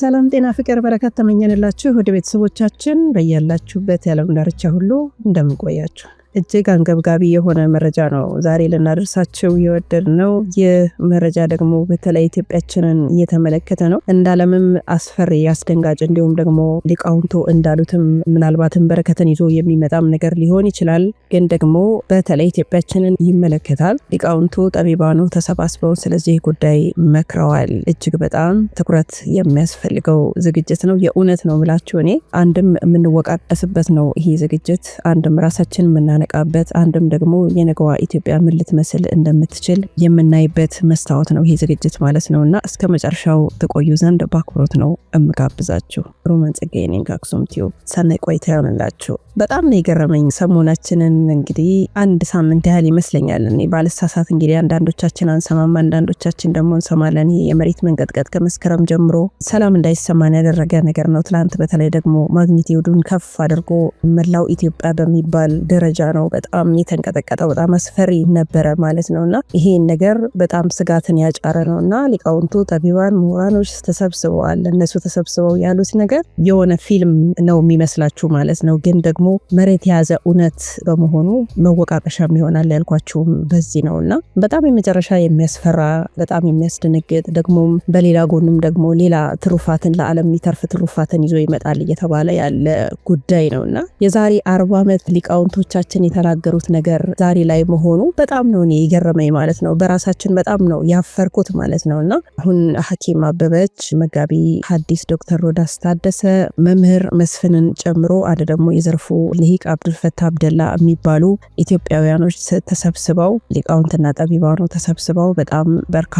ሰላም ጤና ፍቅር በረከት ተመኘንላችሁ ወደ ቤተሰቦቻችን በያላችሁበት ያለም ዳርቻ ሁሉ እንደምንቆያችሁ እጅግ አንገብጋቢ የሆነ መረጃ ነው ዛሬ ልናደርሳቸው የወደድ ነው። ይህ መረጃ ደግሞ በተለይ ኢትዮጵያችንን እየተመለከተ ነው። እንዳለምም አስፈሪ አስደንጋጭ፣ እንዲሁም ደግሞ ሊቃውንቶ እንዳሉትም ምናልባትም በረከትን ይዞ የሚመጣም ነገር ሊሆን ይችላል። ግን ደግሞ በተለይ ኢትዮጵያችንን ይመለከታል። ሊቃውንቱ ጠቢባኑ ተሰባስበው ስለዚህ ጉዳይ መክረዋል። እጅግ በጣም ትኩረት የሚያስፈልገው ዝግጅት ነው። የእውነት ነው ምላችሁ እኔ አንድም የምንወቃቀስበት ነው ይሄ ዝግጅት አንድም ራሳችን ምና የምናነቃበት አንድም ደግሞ የነገዋ ኢትዮጵያ ምን ልትመስል እንደምትችል የምናይበት መስታወት ነው ይሄ ዝግጅት ማለት ነው እና እስከ መጨረሻው ተቆዩ ዘንድ በአክብሮት ነው እምጋብዛችሁ። ሮማን ጸጋዬ ነኝ ከአክሱም ቲዩብ። ሰናይ ቆይታ ይሆንላችሁ። በጣም ነው የገረመኝ። ሰሞናችንን እንግዲህ አንድ ሳምንት ያህል ይመስለኛል እኔ እንግዲህ አንዳንዶቻችን አንሰማም፣ አንዳንዶቻችን ደግሞ እንሰማለን። ይሄ የመሬት መንቀጥቀጥ ከመስከረም ጀምሮ ሰላም እንዳይሰማን ያደረገ ነገር ነው። ትላንት በተለይ ደግሞ ማግኒቲዩዱን ከፍ አድርጎ መላው ኢትዮጵያ በሚባል ደረጃ ነው በጣም የተንቀጠቀጠው። በጣም አስፈሪ ነበረ ማለት ነው እና ይሄን ነገር በጣም ስጋትን ያጫረ ነው እና ሊቃውንቱ፣ ጠቢባን፣ ምሁራኖች ተሰብስበዋል። እነሱ ተሰብስበው ያሉት ነገር የሆነ ፊልም ነው የሚመስላችሁ ማለት ነው ግን ደግሞ መሬት የያዘ እውነት በመሆኑ መወቃቀሻም ይሆናል ያልኳችሁም በዚህ ነው እና በጣም የመጨረሻ የሚያስፈራ በጣም የሚያስደነግጥ ደግሞም በሌላ ጎንም ደግሞ ሌላ ትሩፋትን ለዓለም የሚተርፍ ትሩፋትን ይዞ ይመጣል እየተባለ ያለ ጉዳይ ነው እና የዛሬ አርባ ዓመት ሊቃውንቶቻችን የተናገሩት ነገር ዛሬ ላይ መሆኑ በጣም ነው እኔ የገረመኝ ማለት ነው። በራሳችን በጣም ነው ያፈርኩት ማለት ነው እና አሁን ሐኪም አበበች፣ መጋቢ ሐዲስ ዶክተር ሮዳስ ታደሰ፣ መምህር መስፍንን ጨምሮ አደ ደግሞ የዘርፉ ልሂቅ አብዱልፈታ አብደላ የሚባሉ ኢትዮጵያውያኖች ተሰብስበው ሊቃውንትና ጠቢባኖ ተሰብስበው በጣም በርካታ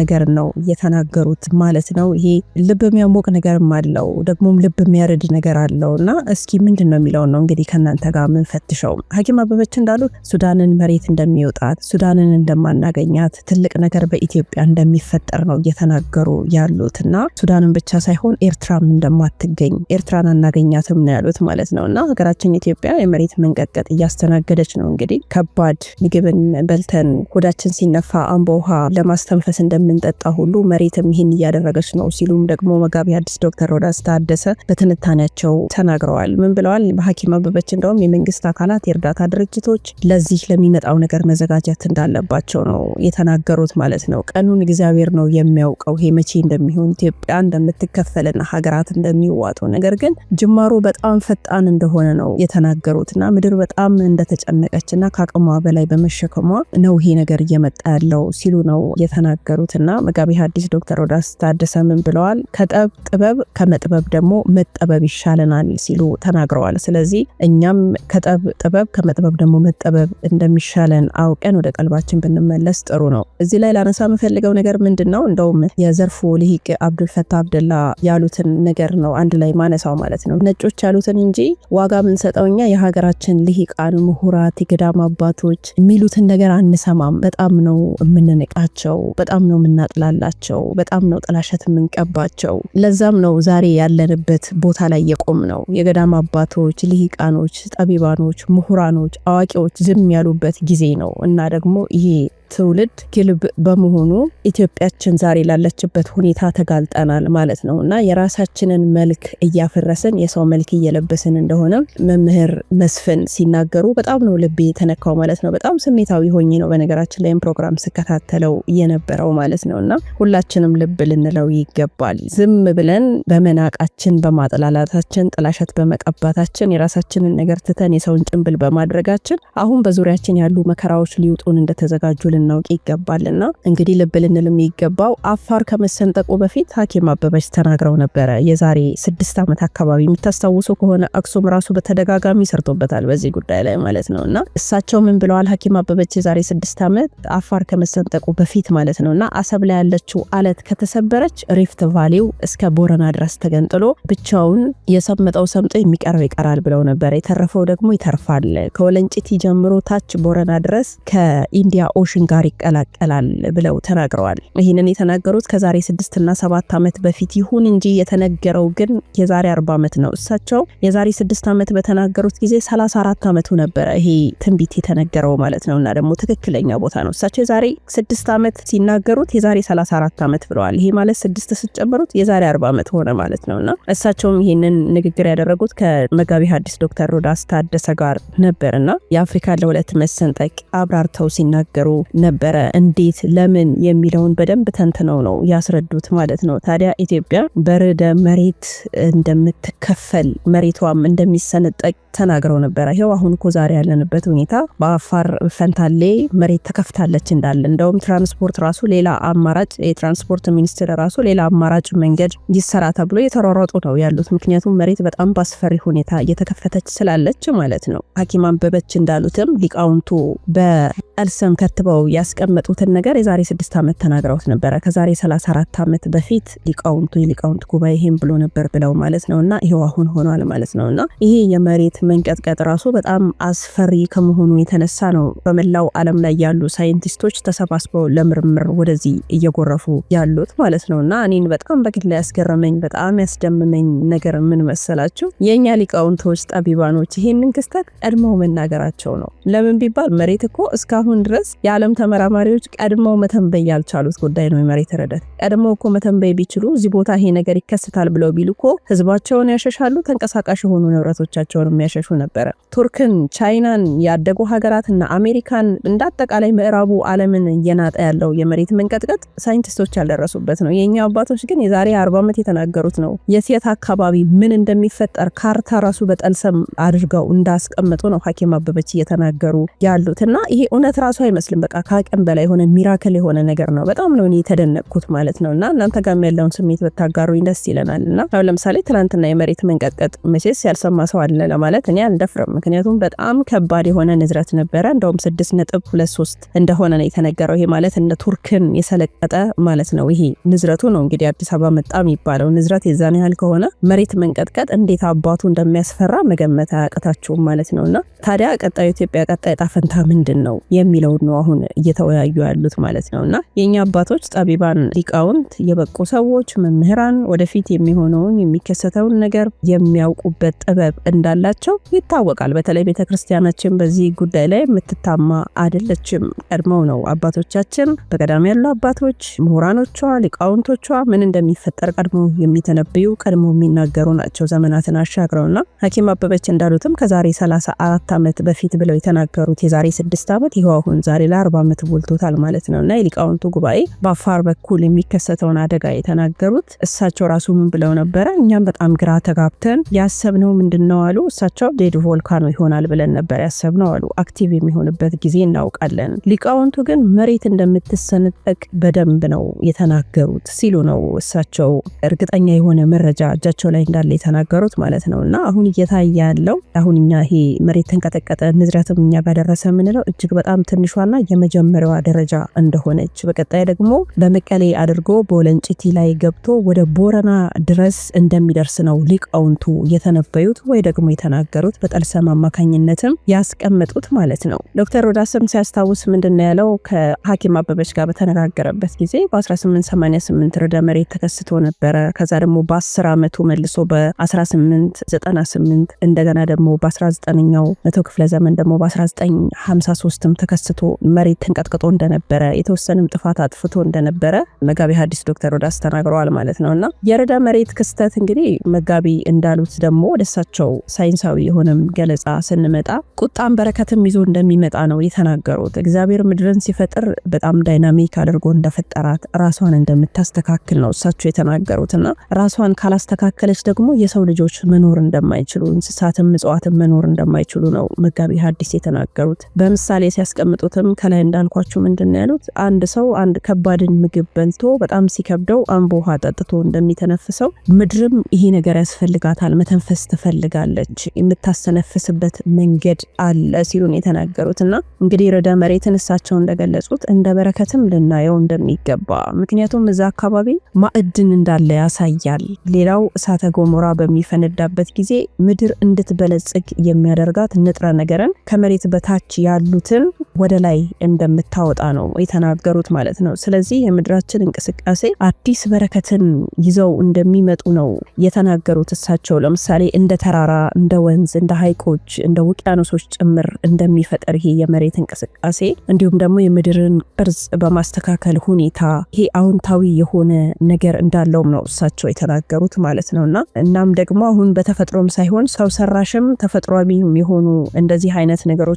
ነገር ነው እየተናገሩት ማለት ነው። ይሄ ልብ የሚያሞቅ ነገርም አለው ደግሞም ልብ የሚያርድ ነገር አለው እና እስኪ ምንድን ነው የሚለውን ነው እንግዲህ ከእናንተ ጋር ምንፈትሸው። ሐኪም አበበች እንዳሉት ሱዳንን መሬት እንደሚወጣት፣ ሱዳንን እንደማናገኛት፣ ትልቅ ነገር በኢትዮጵያ እንደሚፈጠር ነው እየተናገሩ ያሉት እና ሱዳንን ብቻ ሳይሆን ኤርትራም እንደማትገኝ ኤርትራን አናገኛትም ነው ያሉት ማለት ነው እና ሀገራችን ኢትዮጵያ የመሬት መንቀጥቀጥ እያስተናገደች ነው። እንግዲህ ከባድ ምግብን በልተን ሆዳችን ሲነፋ አምቦ ውሃ ለማስተንፈስ እንደምንጠጣ ሁሉ መሬትም ይህን እያደረገች ነው ሲሉም ደግሞ መጋቢ አዲስ ዶክተር ወዳስ ታደሰ በትንታኔያቸው ተናግረዋል። ምን ብለዋል? በሀኪም አበበች እንደውም የመንግስት አካላት የእርዳታ ድርጅቶች ለዚህ ለሚመጣው ነገር መዘጋጀት እንዳለባቸው ነው የተናገሩት ማለት ነው። ቀኑን እግዚአብሔር ነው የሚያውቀው ይሄ መቼ እንደሚሆን ኢትዮጵያ እንደምትከፈልና ሀገራት እንደሚዋጡ ነገር ግን ጅማሮ በጣም ፈጣን እንደሆነ ነው የተናገሩት። እና ምድር በጣም እንደተጨነቀች እና ከአቅሟ በላይ በመሸከሟ ነው ይሄ ነገር እየመጣ ያለው ሲሉ ነው የተናገሩት። እና መጋቢ ሐዲስ ዶክተር ሮዳስ ታደሰ ምን ብለዋል? ከጠብ ጥበብ፣ ከመጥበብ ደግሞ መጠበብ ይሻለናል ሲሉ ተናግረዋል። ስለዚህ እኛም ከጠብ ጥበብ፣ ከመጥበብ ደግሞ መጠበብ እንደሚሻለን አውቀን ወደ ቀልባችን ብንመለስ ጥሩ ነው። እዚህ ላይ ላነሳ የምፈልገው ነገር ምንድን ነው? እንደውም የዘርፉ ልሂቅ አብዱልፈታ አብደላ ያሉትን ነገር ነው አንድ ላይ ማነሳው ማለት ነው ነጮች ያሉትን እንጂ ዋጋ ምንሰጠው እኛ የሀገራችን ልሂቃን፣ ምሁራት፣ የገዳም አባቶች የሚሉትን ነገር አንሰማም። በጣም ነው የምንንቃቸው፣ በጣም ነው የምናጥላላቸው፣ በጣም ነው ጥላሸት የምንቀባቸው። ለዛም ነው ዛሬ ያለንበት ቦታ ላይ የቆም ነው። የገዳም አባቶች፣ ልሂቃኖች፣ ጠቢባኖች፣ ምሁራኖች፣ አዋቂዎች ዝም ያሉበት ጊዜ ነው እና ደግሞ ይሄ ትውልድ ግልብ በመሆኑ ኢትዮጵያችን ዛሬ ላለችበት ሁኔታ ተጋልጠናል ማለት ነው እና የራሳችንን መልክ እያፈረስን የሰው መልክ እየለበስን እንደሆነ መምህር መስፍን ሲናገሩ በጣም ነው ልቤ የተነካው ማለት ነው። በጣም ስሜታዊ ሆኜ ነው በነገራችን ላይም ፕሮግራም ስከታተለው የነበረው ማለት ነው እና ሁላችንም ልብ ልንለው ይገባል። ዝም ብለን በመናቃችን፣ በማጥላላታችን፣ ጥላሸት በመቀባታችን የራሳችንን ነገር ትተን የሰውን ጭንብል በማድረጋችን አሁን በዙሪያችን ያሉ መከራዎች ሊውጡን እንደተዘጋጁ ልናውቅ ይገባልና እንግዲህ ልብ ልንልም ይገባው አፋር ከመሰንጠቁ በፊት ሐኪም አበበች ተናግረው ነበረ። የዛሬ ስድስት ዓመት አካባቢ የምታስታውሱ ከሆነ አክሱም ራሱ በተደጋጋሚ ሰርቶበታል በዚህ ጉዳይ ላይ ማለት ነው። እና እሳቸው ምን ብለዋል? ሐኪም አበበች የዛሬ ስድስት ዓመት አፋር ከመሰንጠቁ በፊት ማለት ነው እና አሰብ ላይ ያለችው አለት ከተሰበረች ሪፍት ቫሊው እስከ ቦረና ድረስ ተገንጥሎ ብቻውን የሰመጠው ሰምጦ የሚቀረው ይቀራል ብለው ነበረ። የተረፈው ደግሞ ይተርፋል። ከወለንጭቲ ጀምሮ ታች ቦረና ድረስ ከኢንዲያ ኦሽን ጋር ይቀላቀላል ብለው ተናግረዋል። ይህንን የተናገሩት ከዛሬ ስድስትና ሰባት ዓመት በፊት ይሁን እንጂ የተነገረው ግን የዛሬ አርባ ዓመት ነው። እሳቸው የዛሬ ስድስት ዓመት በተናገሩት ጊዜ ሰላሳ አራት ዓመቱ ነበረ ይሄ ትንቢት የተነገረው ማለት ነው እና ደግሞ ትክክለኛ ቦታ ነው። እሳቸው የዛሬ ስድስት ዓመት ሲናገሩት የዛሬ ሰላሳ አራት ዓመት ብለዋል። ይሄ ማለት ስድስት ስጨምሩት የዛሬ አርባ ዓመት ሆነ ማለት ነው እና እሳቸውም ይህንን ንግግር ያደረጉት ከመጋቢ ሐዲስ ዶክተር ሮዳስ ታደሰ ጋር ነበር እና የአፍሪካ ለሁለት መሰንጠቅ አብራርተው ሲናገሩ ነበረ። እንዴት ለምን የሚለውን በደንብ ተንትነው ነው ያስረዱት ማለት ነው። ታዲያ ኢትዮጵያ በርዕደ መሬት እንደምትከፈል መሬቷም እንደሚሰነጠቅ ተናግረው ነበረ። ይኸው አሁን እኮ ዛሬ ያለንበት ሁኔታ በአፋር ፈንታሌ መሬት ተከፍታለች እንዳለ እንደውም ትራንስፖርት ራሱ ሌላ አማራጭ የትራንስፖርት ሚኒስትር ራሱ ሌላ አማራጭ መንገድ ይሰራ ተብሎ የተሯሯጡ ነው ያሉት። ምክንያቱም መሬት በጣም በአስፈሪ ሁኔታ እየተከፈተች ስላለች ማለት ነው። ሐኪም አንበበች እንዳሉትም ሊቃውንቱ በቀልስም ከትበው ያስቀመጡትን ነገር የዛሬ ስድስት ዓመት ተናግረውት ነበረ። ከዛሬ 34 ዓመት በፊት ሊቃውንቱ የሊቃውንት ጉባኤ ይህም ብሎ ነበር ብለው ማለት ነው እና ይሄው አሁን ሆኗል ማለት ነው እና ይሄ የመሬት መንቀጥቀጥ ራሱ በጣም አስፈሪ ከመሆኑ የተነሳ ነው በመላው ዓለም ላይ ያሉ ሳይንቲስቶች ተሰባስበው ለምርምር ወደዚህ እየጎረፉ ያሉት ማለት ነው እና እኔን በጣም በግል ያስገረመኝ በጣም ያስደምመኝ ነገር ምን መሰላችሁ? የእኛ ሊቃውንቶች ጠቢባኖች ይህንን ክስተት ቀድመው መናገራቸው ነው። ለምን ቢባል መሬት እኮ እስካሁን ድረስ የዓለም ተመራማሪዎች ቀድመው መተንበይ ያልቻሉት ጉዳይ ነው። የመሬት ረደት ቀድመው እኮ መተንበይ ቢችሉ እዚህ ቦታ ይሄ ነገር ይከሰታል ብለው ቢሉ እኮ ህዝባቸውን ያሸሻሉ፣ ተንቀሳቃሽ የሆኑ ንብረቶቻቸውን የሚያሸሹ ነበረ። ቱርክን፣ ቻይናን፣ ያደጉ ሀገራትና አሜሪካን እንደ አጠቃላይ ምዕራቡ ዓለምን እየናጠ ያለው የመሬት መንቀጥቀጥ ሳይንቲስቶች ያልደረሱበት ነው። የእኛ አባቶች ግን የዛሬ አርባ ዓመት የተናገሩት ነው። የሴት አካባቢ ምን እንደሚፈጠር ካርታ ራሱ በጠልሰም አድርገው እንዳስቀምጡ ነው ሐኪም አበበች እየተናገሩ ያሉት እና ይሄ እውነት ራሱ አይመስልም። በቃ ከአቅም በላይ የሆነ ሚራክል የሆነ ነገር ነው። በጣም ነው እኔ የተደነቅኩት ማለት ነው። እና እናንተ ጋም ያለውን ስሜት በታጋሩኝ ደስ ይለናል። እና አሁን ለምሳሌ ትናንትና የመሬት መንቀጥቀጥ መቼስ ያልሰማ ሰው አለ ለማለት እኔ አልደፍርም። ምክንያቱም በጣም ከባድ የሆነ ንዝረት ነበረ። እንደውም ስድስት ነጥብ ሁለት ሶስት እንደሆነ ነው የተነገረው። ይሄ ማለት እነ ቱርክን የሰለቀጠ ማለት ነው። ይሄ ንዝረቱ ነው እንግዲህ አዲስ አበባ መጣ የሚባለው ንዝረት የዛን ያህል ከሆነ መሬት መንቀጥቀጥ እንዴት አባቱ እንደሚያስፈራ መገመት አያቅታችሁም ማለት ነው። እና ታዲያ ቀጣዩ ኢትዮጵያ ቀጣይ ጣፈንታ ምንድን ነው የሚለውን ነው አሁን እየተወያዩ ያሉት ማለት ነው። እና የእኛ አባቶች ጠቢባን፣ ሊቃውንት፣ የበቁ ሰዎች፣ መምህራን ወደፊት የሚሆነውን የሚከሰተውን ነገር የሚያውቁበት ጥበብ እንዳላቸው ይታወቃል። በተለይ ቤተክርስቲያናችን በዚህ ጉዳይ ላይ የምትታማ አይደለችም። ቀድመው ነው አባቶቻችን በቀዳሚ ያሉ አባቶች፣ ምሁራኖቿ፣ ሊቃውንቶቿ ምን እንደሚፈጠር ቀድሞ የሚተነብዩ ቀድሞ የሚናገሩ ናቸው ዘመናትን አሻግረውና ሐኪም አበበች እንዳሉትም ከዛሬ 34 ዓመት በፊት ብለው የተናገሩት የዛሬ 6 ዓመት ይኸው አሁን ዛሬ ለ ዓመት ሞልቶታል ማለት ነው እና የሊቃውንቱ ጉባኤ በአፋር በኩል የሚከሰተውን አደጋ የተናገሩት እሳቸው ራሱ ምን ብለው ነበረ? እኛም በጣም ግራ ተጋብተን ያሰብነው ምንድን ነው አሉ እሳቸው ዴድ ቮልካኖ ይሆናል ብለን ነበር ያሰብነው አሉ። አክቲቭ የሚሆንበት ጊዜ እናውቃለን። ሊቃውንቱ ግን መሬት እንደምትሰነጠቅ በደንብ ነው የተናገሩት ሲሉ ነው እሳቸው እርግጠኛ የሆነ መረጃ እጃቸው ላይ እንዳለ የተናገሩት ማለት ነው እና አሁን እየታየ ያለው አሁን እኛ ይሄ መሬት ተንቀጠቀጠ ንዝረትም እኛ ጋር ደረሰ የምንለው እጅግ በጣም ትንሿና የመጀመሪያዋ ደረጃ እንደሆነች፣ በቀጣይ ደግሞ በመቀሌ አድርጎ በወለንጭቲ ላይ ገብቶ ወደ ቦረና ድረስ እንደሚደርስ ነው ሊቃውንቱ የተነበዩት ወይ ደግሞ የተናገሩት በጠልሰም አማካኝነትም ያስቀመጡት ማለት ነው። ዶክተር ወዳሰም ሲያስታውስ ምንድነው ያለው ከሐኪም አበበች ጋር በተነጋገረበት ጊዜ በ1888 ርዕደ መሬት ተከስቶ ነበረ። ከዛ ደግሞ በ10 ዓመቱ መልሶ በ1898 እንደገና ደግሞ በ19ኛው መቶ ክፍለ ዘመን ደግሞ በ 1953 ተከስቶ መሬት ተንቀጥቅጦ እንደነበረ የተወሰነም ጥፋት አጥፍቶ እንደነበረ መጋቢ ሐዲስ ዶክተር ወዳስ ተናግረዋል ማለት ነው እና የረዳ መሬት ክስተት እንግዲህ መጋቢ እንዳሉት ደግሞ ወደሳቸው ሳይንሳዊ የሆነም ገለጻ ስንመጣ ቁጣም በረከትም ይዞ እንደሚመጣ ነው የተናገሩት። እግዚአብሔር ምድርን ሲፈጥር በጣም ዳይናሚክ አድርጎ እንደፈጠራት ራሷን እንደምታስተካክል ነው እሳቸው የተናገሩት እና ራሷን ካላስተካከለች ደግሞ የሰው ልጆች መኖር እንደማይችሉ እንስሳትም እጽዋትም መኖር እንደማይችሉ ነው መጋቢ ሐዲስ የተናገሩት። በምሳሌ ሲያስቀምጡትም ከላይ እንዳልኳችሁ ምንድን ያሉት አንድ ሰው አንድ ከባድን ምግብ በልቶ በጣም ሲከብደው አንቦ ውሃ ጠጥቶ እንደሚተነፍሰው ምድርም ይሄ ነገር ያስፈልጋታል፣ መተንፈስ ትፈልጋለች፣ የምታስተነፍስበት መንገድ አለ ሲሉን የተናገሩት እና እንግዲህ ርዕደ መሬትን እሳቸው እንደገለጹት እንደ በረከትም ልናየው እንደሚገባ ምክንያቱም እዛ አካባቢ ማዕድን እንዳለ ያሳያል። ሌላው እሳተ ገሞራ በሚፈነዳበት ጊዜ ምድር እንድትበለጽግ የሚያደርጋት ንጥረ ነገርን ከመሬት በታች ያሉትን ወደ ላይ እንደምታወጣ ነው የተናገሩት ማለት ነው። ስለዚህ የምድራችን እንቅስቃሴ አዲስ በረከትን ይዘው እንደሚመጡ ነው የተናገሩት እሳቸው። ለምሳሌ እንደ ተራራ፣ እንደ ወንዝ፣ እንደ ሐይቆች፣ እንደ ውቅያኖሶች ጭምር እንደሚፈጠር ይሄ የመሬት እንቅስቃሴ እንዲሁም ደግሞ የምድርን ቅርጽ በማስተካከል ሁኔታ ይሄ አዎንታዊ የሆነ ነገር እንዳለውም ነው እሳቸው የተናገሩት ማለት ነውና እናም ደግሞ አሁን በተፈጥሮም ሳይሆን ሰው ሰራሽም ተፈጥሯዊም የሆኑ እንደዚህ አይነት ነገሮች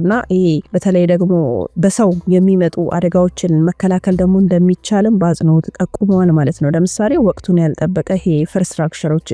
እና ይሄ በተለይ ደግሞ በሰው የሚመጡ አደጋዎችን መከላከል ደግሞ እንደሚቻልም በአጽንኦት ጠቁመዋል ማለት ነው። ለምሳሌ ወቅቱን ያልጠበቀ ይሄ ኢንፍራስትራክቸሮች፣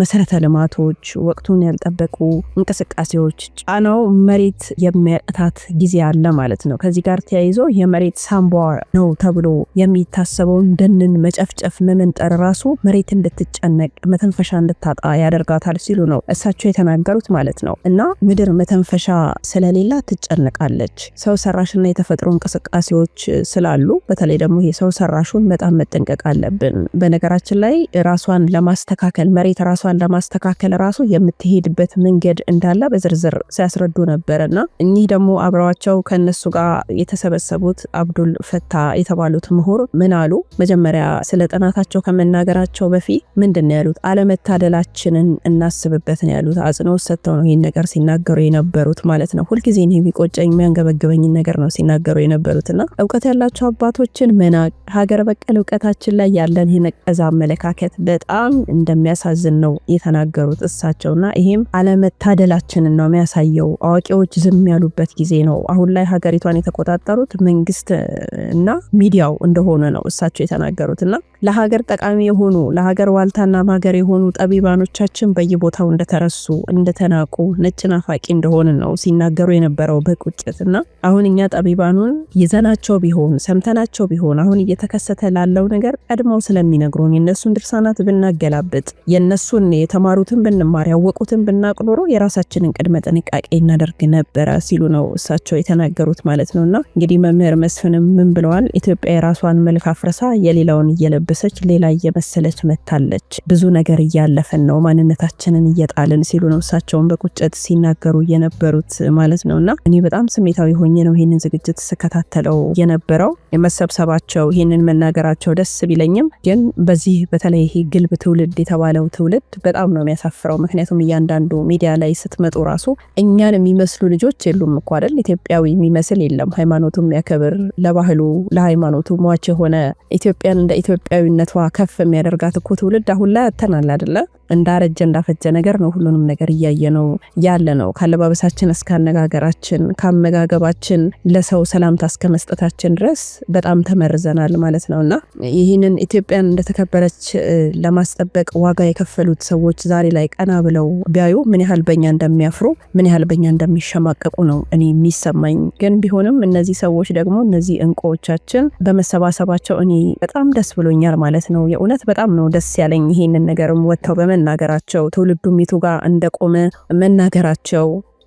መሰረተ ልማቶች፣ ወቅቱን ያልጠበቁ እንቅስቃሴዎች ጫናው መሬት የሚያቅታት ጊዜ አለ ማለት ነው። ከዚህ ጋር ተያይዞ የመሬት ሳንቧ ነው ተብሎ የሚታሰበውን ደንን መጨፍጨፍ፣ መመንጠር ራሱ መሬት እንድትጨነቅ መተንፈሻ እንድታጣ ያደርጋታል ሲሉ ነው እሳቸው የተናገሩት ማለት ነው። እና ምድር መተንፈሻ ስለሌላ ትጨነቃለች ሰው ሰራሽና የተፈጥሮ እንቅስቃሴዎች ስላሉ በተለይ ደግሞ የሰው ሰራሹን በጣም መጠንቀቅ አለብን። በነገራችን ላይ ራሷን ለማስተካከል መሬት ራሷን ለማስተካከል ራሱ የምትሄድበት መንገድ እንዳለ በዝርዝር ሲያስረዱ ነበር እና እኚህ ደግሞ አብረዋቸው ከእነሱ ጋር የተሰበሰቡት አብዱል ፈታ የተባሉት ምሁር ምን አሉ? መጀመሪያ ስለ ጥናታቸው ከመናገራቸው በፊት ምንድን ነው ያሉት? አለመታደላችንን እናስብበት ነው ያሉት። አጽንኦት ሰጥተው ነው ይህን ነገር ሲናገሩ የነበሩት ማለት ነው። ሁልጊዜ የሚቆጨኝ የሚያንገበግበኝ ነገር ነገር ነው ሲናገሩ የነበሩት እና እውቀት ያላቸው አባቶችን መናቅ ሀገር በቀል እውቀታችን ላይ ያለን የነቀዛ አመለካከት በጣም እንደሚያሳዝን ነው የተናገሩት እሳቸውና ይህም አለመታደላችንን ነው የሚያሳየው። አዋቂዎች ዝም ያሉበት ጊዜ ነው። አሁን ላይ ሀገሪቷን የተቆጣጠሩት መንግስት እና ሚዲያው እንደሆነ ነው እሳቸው የተናገሩት እና ለሀገር ጠቃሚ የሆኑ ለሀገር ዋልታና ማገር የሆኑ ጠቢባኖቻችን በየቦታው እንደተረሱ እንደተናቁ ነጭ ናፋቂ እንደሆነ ነው ሲናገሩ የነበረው በቁጭት እና አሁን እኛ ጠቢባኑን ይዘናቸው ቢሆን ሰምተናቸው ቢሆን አሁን እየተከሰተ ላለው ነገር ቀድመው ስለሚነግሩን የእነሱን ድርሳናት ብናገላብጥ የእነሱን የተማሩትን ብንማር ያወቁትን ብናቅ ኖሮ የራሳችንን ቅድመ ጥንቃቄ እናደርግ ነበረ ሲሉ ነው እሳቸው የተናገሩት ማለት ነው። እና እንግዲህ መምህር መስፍንም ምን ብለዋል? ኢትዮጵያ የራሷን መልክ አፍርሳ የሌላውን እየለበሰች ሌላ እየመሰለች መታለች። ብዙ ነገር እያለፈን ነው፣ ማንነታችንን እየጣልን ሲሉ ነው እሳቸውን በቁጭት ሲናገሩ የነበሩት ማለት ነው። እና እኔ በጣም ስሜታዊ ሆኜ ነው ይህንን ዝግጅት ስከታተለው የነበረው መሰብሰባቸው ይህንን መናገራቸው ደስ ቢለኝም ግን በዚህ በተለይ ይሄ ግልብ ትውልድ የተባለው ትውልድ በጣም ነው የሚያሳፍረው። ምክንያቱም እያንዳንዱ ሚዲያ ላይ ስትመጡ ራሱ እኛን የሚመስሉ ልጆች የሉም እኮ አይደል? ኢትዮጵያዊ የሚመስል የለም። ሃይማኖቱ የሚያከብር ለባህሉ ለሃይማኖቱ ሟች የሆነ ኢትዮጵያን እንደ ኢትዮጵያዊነቷ ከፍ የሚያደርጋት እኮ ትውልድ አሁን ላይ አተናል አደለ? እንዳረጀ እንዳፈጀ ነገር ነው። ሁሉንም ነገር እያየ ነው ያለ ነው። ካለባበሳችን እስከ አነጋገራችን፣ ከአመጋገባችን ለሰው ሰላምታ እስከ መስጠታችን ድረስ በጣም ተመርዘናል ማለት ነው እና ይህንን ኢትዮጵያን እንደተከበረች ለማስጠበቅ ዋጋ የከፈሉት ሰዎች ዛሬ ላይ ቀና ብለው ቢያዩ ምን ያህል በኛ እንደሚያፍሩ ምን ያህል በኛ እንደሚሸማቀቁ ነው እኔ የሚሰማኝ። ግን ቢሆንም እነዚህ ሰዎች ደግሞ እነዚህ እንቁዎቻችን በመሰባሰባቸው እኔ በጣም ደስ ብሎኛል ማለት ነው። የእውነት በጣም ነው ደስ ያለኝ ይሄንን ነገርም ወጥተው በመ መናገራቸው ትውልዱ የቱ ጋር እንደቆመ መናገራቸው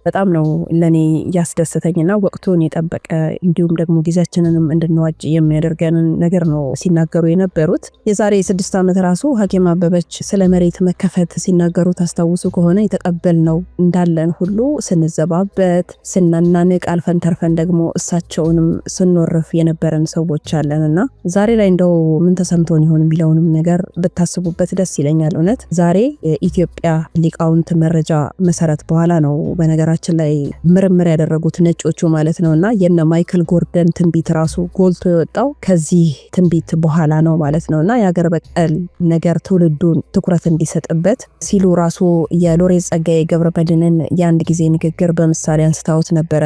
በጣም ነው ለእኔ ያስደሰተኝና ወቅቱን የጠበቀ እንዲሁም ደግሞ ጊዜያችንንም እንድንዋጭ የሚያደርገንን ነገር ነው ሲናገሩ የነበሩት። የዛሬ ስድስት ዓመት ራሱ ሐኪም አበበች ስለ መሬት መከፈት ሲናገሩ ታስታውሱ ከሆነ የተቀበል ነው እንዳለን ሁሉ ስንዘባበት፣ ስናናንቅ አልፈን ተርፈን ደግሞ እሳቸውንም ስንወርፍ የነበረን ሰዎች አለን እና ዛሬ ላይ እንደው ምን ተሰምቶን ይሆን የሚለውንም ነገር ብታስቡበት ደስ ይለኛል። እውነት ዛሬ የኢትዮጵያ ሊቃውንት መረጃ መሰረት በኋላ ነው በነገራ በነገራችን ላይ ምርምር ያደረጉት ነጮቹ ማለት ነው እና የነ ማይክል ጎርደን ትንቢት ራሱ ጎልቶ የወጣው ከዚህ ትንቢት በኋላ ነው ማለት ነው እና የሀገር በቀል ነገር ትውልዱን ትኩረት እንዲሰጥበት ሲሉ ራሱ የሎሬት ጸጋዬ መድንን የአንድ ጊዜ ንግግር በምሳሌ አንስታውት ነበረ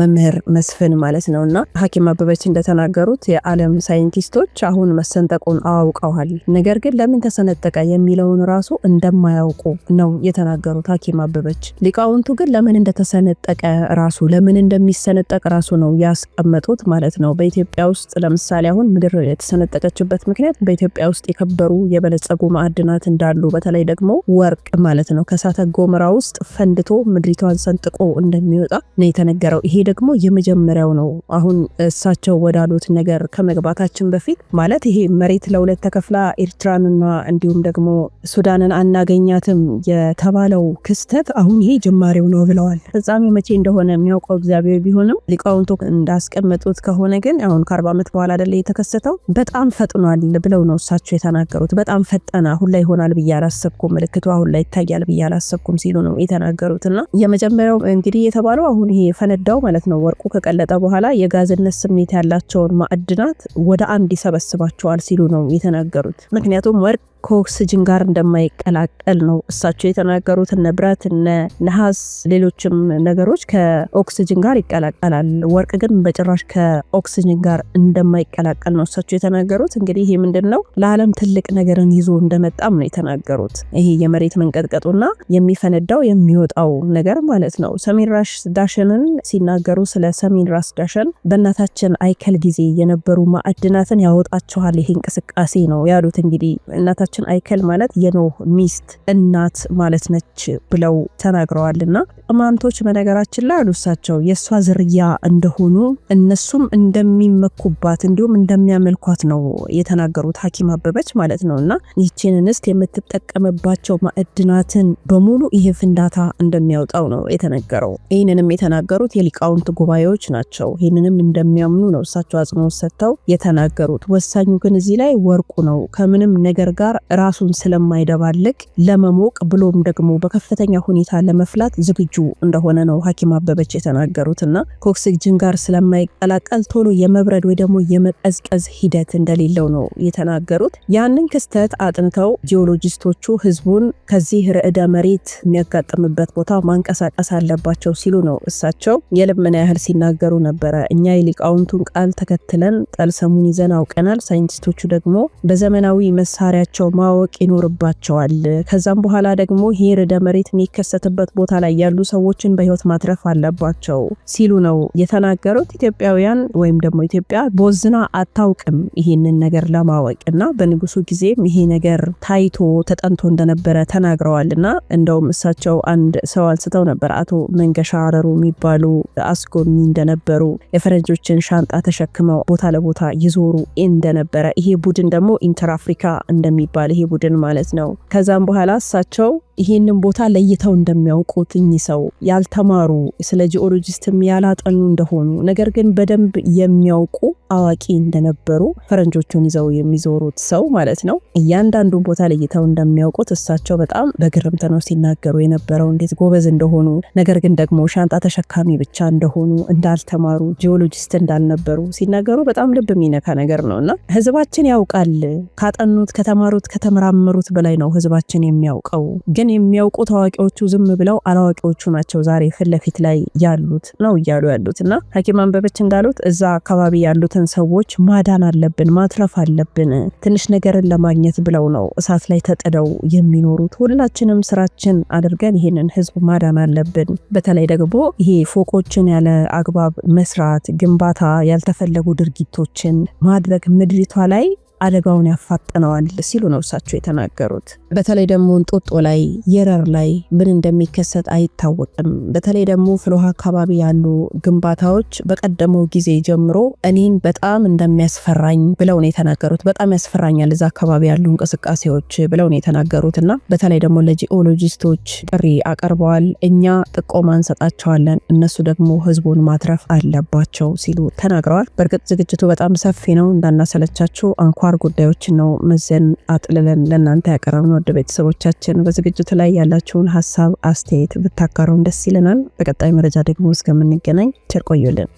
መምህር መስፍን ማለት ነው እና ሀኪም አበበች እንደተናገሩት የዓለም ሳይንቲስቶች አሁን መሰንጠቁን አውቀዋል። ነገር ግን ለምን ተሰነጠቀ የሚለውን ራሱ እንደማያውቁ ነው የተናገሩት ሀኪም አበበች ሊቃውንቱ ግን ለምን እንደተሰነጠቀ ራሱ ለምን እንደሚሰነጠቅ ራሱ ነው ያስቀመጡት ማለት ነው። በኢትዮጵያ ውስጥ ለምሳሌ አሁን ምድር የተሰነጠቀችበት ምክንያት በኢትዮጵያ ውስጥ የከበሩ የበለጸጉ ማዕድናት እንዳሉ በተለይ ደግሞ ወርቅ ማለት ነው ከእሳተ ገሞራ ውስጥ ፈንድቶ ምድሪቷን ሰንጥቆ እንደሚወጣ ነው የተነገረው። ይሄ ደግሞ የመጀመሪያው ነው። አሁን እሳቸው ወዳሉት ነገር ከመግባታችን በፊት ማለት ይሄ መሬት ለሁለት ተከፍላ ኤርትራንና እንዲሁም ደግሞ ሱዳንን አናገኛትም የተባለው ክስተት አሁን ይሄ ጅማሬው ነው ብለዋል። ተገልጿል። ፍጻሜ መቼ እንደሆነ የሚያውቀው እግዚአብሔር ቢሆንም ሊቃውንቱ እንዳስቀመጡት ከሆነ ግን አሁን ከአርባ ዓመት በኋላ አይደለ የተከሰተው በጣም ፈጥኗል ብለው ነው እሳቸው የተናገሩት። በጣም ፈጠና አሁን ላይ ይሆናል ብዬ አላሰብኩም፣ ምልክቱ አሁን ላይ ይታያል ብዬ አላሰብኩም ሲሉ ነው የተናገሩት። እና የመጀመሪያው እንግዲህ የተባለው አሁን ይሄ ፈነዳው ማለት ነው ወርቁ ከቀለጠ በኋላ የጋዝነት ስሜት ያላቸውን ማዕድናት ወደ አንድ ይሰበስባቸዋል ሲሉ ነው የተናገሩት። ምክንያቱም ወርቅ ከኦክስጅን ጋር እንደማይቀላቀል ነው እሳቸው የተናገሩት። እነ ብረት፣ እነ ነሐስ፣ ሌሎችም ነገሮች ከኦክስጅን ጋር ይቀላቀላል። ወርቅ ግን በጭራሽ ከኦክስጅን ጋር እንደማይቀላቀል ነው እሳቸው የተናገሩት። እንግዲህ ይሄ ምንድን ነው ለዓለም ትልቅ ነገርን ይዞ እንደመጣም ነው የተናገሩት። ይሄ የመሬት መንቀጥቀጡና የሚፈነዳው የሚወጣው ነገር ማለት ነው። ሰሜን ራስ ዳሽንን ሲናገሩ ስለ ሰሜን ራስ ዳሽን በእናታችን አይከል ጊዜ የነበሩ ማዕድናትን ያወጣችኋል ይሄ እንቅስቃሴ ነው ያሉት። እንግዲህ እናታችን የእመቤታችን አይከል ማለት የኖህ ሚስት እናት ማለት ነች ብለው ተናግረዋልና ቅማንቶች በነገራችን ላይ አሉሳቸው የእሷ ዝርያ እንደሆኑ እነሱም እንደሚመኩባት እንዲሁም እንደሚያመልኳት ነው የተናገሩት ሐኪም አበበች ማለት ነው። እና ይህችን እንስት የምትጠቀምባቸው ማዕድናትን በሙሉ ይሄ ፍንዳታ እንደሚያወጣው ነው የተነገረው። ይህንንም የተናገሩት የሊቃውንት ጉባኤዎች ናቸው። ይህንንም እንደሚያምኑ ነው እሳቸው አጽንኦት ሰጥተው የተናገሩት። ወሳኙ ግን እዚህ ላይ ወርቁ ነው። ከምንም ነገር ጋር ራሱን ስለማይደባልቅ ለመሞቅ ብሎም ደግሞ በከፍተኛ ሁኔታ ለመፍላት ዝግጁ ዝግጁ እንደሆነ ነው ሐኪም አበበች የተናገሩትና ከኦክሲጅን ጋር ስለማይቀላቀል ቶሎ የመብረድ ወይ ደግሞ የመቀዝቀዝ ሂደት እንደሌለው ነው የተናገሩት። ያንን ክስተት አጥንተው ጂኦሎጂስቶቹ ህዝቡን ከዚህ ርዕደ መሬት የሚያጋጥምበት ቦታ ማንቀሳቀስ አለባቸው ሲሉ ነው እሳቸው የልምና ያህል ሲናገሩ ነበረ። እኛ የሊቃውንቱን ቃል ተከትለን ጠልሰሙን ይዘን አውቀናል። ሳይንቲስቶቹ ደግሞ በዘመናዊ መሳሪያቸው ማወቅ ይኖርባቸዋል። ከዛም በኋላ ደግሞ ይህ ርዕደ መሬት የሚከሰትበት ቦታ ላይ ያሉ ሰዎችን በህይወት ማትረፍ አለባቸው ሲሉ ነው የተናገሩት። ኢትዮጵያውያን ወይም ደግሞ ኢትዮጵያ ቦዝና አታውቅም ይህንን ነገር ለማወቅ እና በንጉሱ ጊዜም ይሄ ነገር ታይቶ ተጠንቶ እንደነበረ ተናግረዋል። እና እንደውም እሳቸው አንድ ሰው አንስተው ነበር አቶ መንገሻ አረሩ የሚባሉ አስጎብኚ እንደነበሩ የፈረንጆችን ሻንጣ ተሸክመው ቦታ ለቦታ ይዞሩ እንደነበረ ይሄ ቡድን ደግሞ ኢንተር አፍሪካ እንደሚባል ይሄ ቡድን ማለት ነው። ከዛም በኋላ እሳቸው ይሄንን ቦታ ለይተው እንደሚያውቁት እኚህ ሰው ያልተማሩ ስለ ጂኦሎጂስትም ያላጠኑ እንደሆኑ ነገር ግን በደንብ የሚያውቁ አዋቂ እንደነበሩ ፈረንጆቹን ይዘው የሚዞሩት ሰው ማለት ነው። እያንዳንዱን ቦታ ለይተው እንደሚያውቁት እሳቸው በጣም በግርምት ነው ሲናገሩ የነበረው እንዴት ጎበዝ እንደሆኑ፣ ነገር ግን ደግሞ ሻንጣ ተሸካሚ ብቻ እንደሆኑ፣ እንዳልተማሩ፣ ጂኦሎጂስት እንዳልነበሩ ሲናገሩ በጣም ልብ የሚነካ ነገር ነው እና ህዝባችን ያውቃል። ካጠኑት ከተማሩት ከተመራመሩት በላይ ነው ህዝባችን የሚያውቀው ግን የሚያውቁ ታዋቂዎቹ ዝም ብለው አላዋቂዎቹ ናቸው ዛሬ ፊት ለፊት ላይ ያሉት ነው እያሉ ያሉት እና ሐኪም አንበበች እንዳሉት እዛ አካባቢ ያሉትን ሰዎች ማዳን አለብን፣ ማትረፍ አለብን ትንሽ ነገርን ለማግኘት ብለው ነው እሳት ላይ ተጥደው የሚኖሩት። ሁላችንም ስራችን አድርገን ይህንን ህዝብ ማዳን አለብን። በተለይ ደግሞ ይሄ ፎቆችን ያለ አግባብ መስራት፣ ግንባታ፣ ያልተፈለጉ ድርጊቶችን ማድረግ ምድሪቷ ላይ አደጋውን ያፋጥነዋል ሲሉ ነው እሳቸው የተናገሩት። በተለይ ደግሞ እንጦጦ ላይ የረር ላይ ምን እንደሚከሰት አይታወቅም። በተለይ ደግሞ ፍልውሃ አካባቢ ያሉ ግንባታዎች በቀደመው ጊዜ ጀምሮ እኔን በጣም እንደሚያስፈራኝ ብለው ነው የተናገሩት። በጣም ያስፈራኛል እዛ አካባቢ ያሉ እንቅስቃሴዎች ብለው ነው የተናገሩት እና በተለይ ደግሞ ለጂኦሎጂስቶች ጥሪ አቀርበዋል። እኛ ጥቆማ እንሰጣቸዋለን፣ እነሱ ደግሞ ህዝቡን ማትረፍ አለባቸው ሲሉ ተናግረዋል። በእርግጥ ዝግጅቱ በጣም ሰፊ ነው፣ እንዳናሰለቻችሁ አንኳር አንኳር ጉዳዮችን ነው መዘን አጥልለን ለእናንተ ያቀረብነው። ወደ ቤተሰቦቻችን በዝግጅቱ ላይ ያላችሁን ሀሳብ አስተያየት ብታጋሩን ደስ ይለናል። በቀጣይ መረጃ ደግሞ እስከምንገናኝ ቸር ቆዩልን።